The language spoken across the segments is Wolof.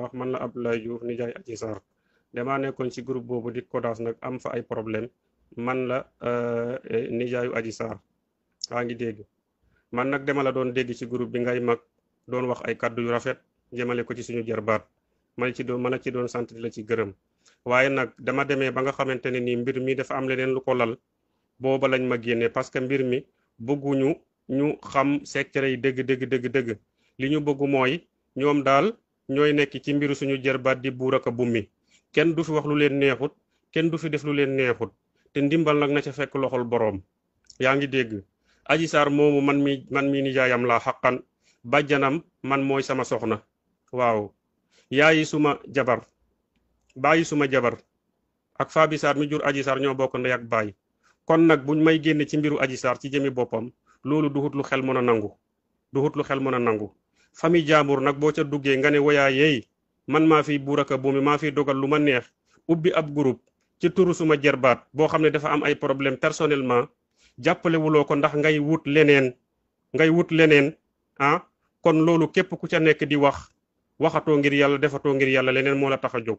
wax man la Abdoulaye Diouf nijaay Adji Sarr damaa nekkoon ci groupe boobu di CODAS nag am fa ay problème man la euh, eh, nijaayu aji Sarr maa ngi dégg man nag dama la doon dégg ci groupe bi ngay mag doon wax ay kàddu yu rafet jëmale ko ci suñu jarbaat ma ci doon ma la ci doon sant di la ci gërëm waaye nag dama demee ba nga xamante ne nii mbir mi dafa am leneen lu ko lal booba lañ ma génnee parce que mbir mi bëgguñu ñu xam secret yi dëgg dëgg dëgg dëgg li ñu bëgg mooy ñoom daal ñooy nekk ci mbiru suñu jërbaat di buur ak a bummi kenn du fi wax leen neexut kenn du fi deflu leen neexut te ndimbal nag na ca fekk loxol boroom yaa ngi dégg aji saar moomu man mi man mi nijaayam laa xaqan bàjjanam man mooy sama soxna waaw yaayi suma jabar bàyyi suma jabar ak faabi saar mi jur aji saar ñoo bokk ndey ak baay kon nag bu may génne ci mbiru aji saar ci jëmi boppam loolu duhut lu xel mën a nangu duhut lu xel mën a nangu famille jaambur nag boo ca duggee nga ne woyaa yeey man maa fiy buuraka buumi maa fiy dogal lu ma neex ubbi ab groupe ci turu suma jerbaat boo xam ne dafa am ay problème personnellement jàppalewuloo ko ndax ngay wut leneen ngay wut leneen ah kon loolu képp ku ca nekk di wax waxatoo ngir yàlla defatoo ngir yàlla leneen moo la tax a jóg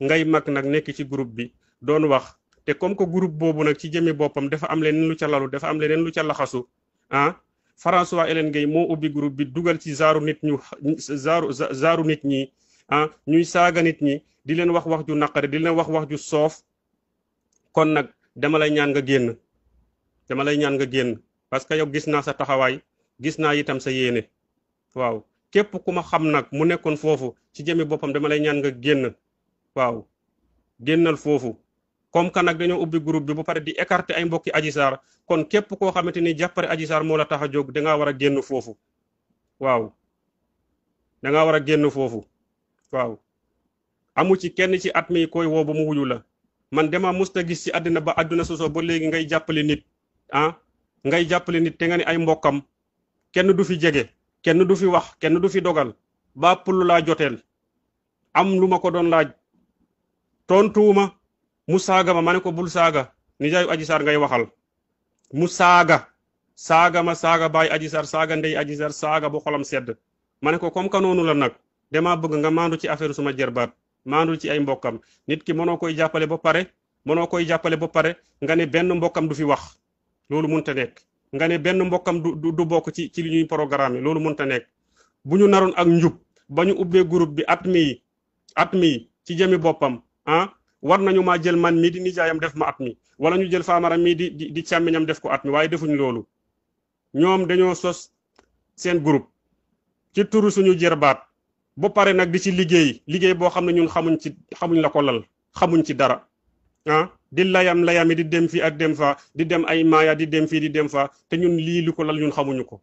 ngay mag nag nekk ci groupe bi doon wax te comme que groupe boobu nag ci jëmi boppam dafa am leneen lu ca lalu dafa am leneen lu ca laxasu ah François Hélène Gueye moo ubbi groupe bi dugal ci zaaru nit ñu zaaru nit ñi ah ñuy saaga nit ñi di leen wax wax ju naqare di leen wax wax ju soof kon nag dama lay ñaan nga génn dama lay ñaan génn parce que yow gis naa sa taxawaay gis naa itam sa yéene waaw képp ku ma xam nag mu nekkoon foofu ci jëmi boppam dama lay ñaan nga génn waaw génnal foofu comme que nag dañoo ubbi groupe bi ba pare di écarter ay mbokki Adji Sarr kon képp koo xamante ni jàppare Adji Sarr moo la tax a jog dangaa war a génn foofu waaw danga war a génn foofu waaw amu ci kenn ci at mi koy woo ba mu wuyu la man dama musta gis ci àddina ba àdduna sosoo ba léegi ngay jàppale nit ah ngay jàppale nit te nga ni ay mbokkam kenn du fi jege kenn du fi wax kenn du fi dogal ba pullu laa joteel am lu ma ko doon laaj tontuwuma mu saaga ma ma ne ko bul saaga nijaayu aji saar ngay waxal mu saaga saaga ma saaga baay aji saar saaga ndey aji saar saaga boo xolam sedd ma ne ko comme que noonu la nag damaa bëgg nga maandu ci affaire suma jërbaat maandul ci ay mbokkam nit ki mënoo koy jàppale ba pare mënoo koy jàppale ba pare nga ne benn mbokkam du fi wax loolu mënut a nekk nga ne benn mbokkam du du bokk ci ci li ñuy programme loolu mënut a nekk bu ñu naroon ak njub ba ñu ubbee groupe bi at mii at mii ci jëmi boppam ah war nañu maa jël man mii di nijaayam def ma at mi wala ñu jël faamara mii di di di càmmiñam def ko at mi waaye defuñ loolu ñoom dañoo sos seen groupe ci turu suñu jërbaat ba pare nag di ci liggéey liggéey boo xam ne ñun xamuñ ci xamuñ la ko lal xamuñ ci dara ah di layam layami di dem fii ak dem fa di dem ay maaya di dem fii di dem fa te ñun lii li ko lal ñun xamuñu ko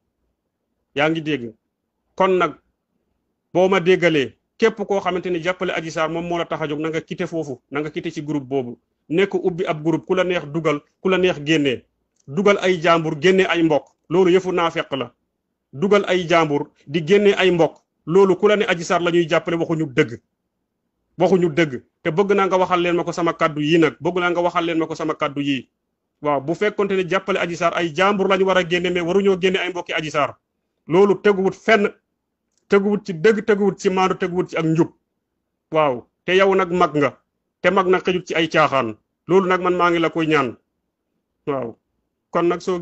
yaa ngi dégg kon nag boo ma déggalee képp koo xamante ni jàppale Adji Sarr moom moo la tax a jóg na nga quitté foofu na nga quitté ci groupe boobu nekk ubbi ab groupe ku la neex dugal ku la neex génnee dugal ay jàmbur génnee ay mbokk loolu yëfu feq la dugal ay jàmbur di génnee ay mbokk loolu ku la ne Adji Sarr la ñuy jàppale waxuñu dëgg waxuñu dëgg te bëgg na nga waxal leen ma ko sama kàddu yii nag bëgg na nga waxal leen ma ko sama kàddu yii waaw bu fekkonte ne jàppale Adji Sarr ay jàmbur lañu war a génne mais waruñoo génne ay mbokki Adji Sarr teguwut ci dëgg teguwut si maandu teguwut ci ak njub waaw te yow nag mag nga te mag nag xëjut ci ay caaxaan loolu nag man maa ngi la koy ñaan waaw kon nag soo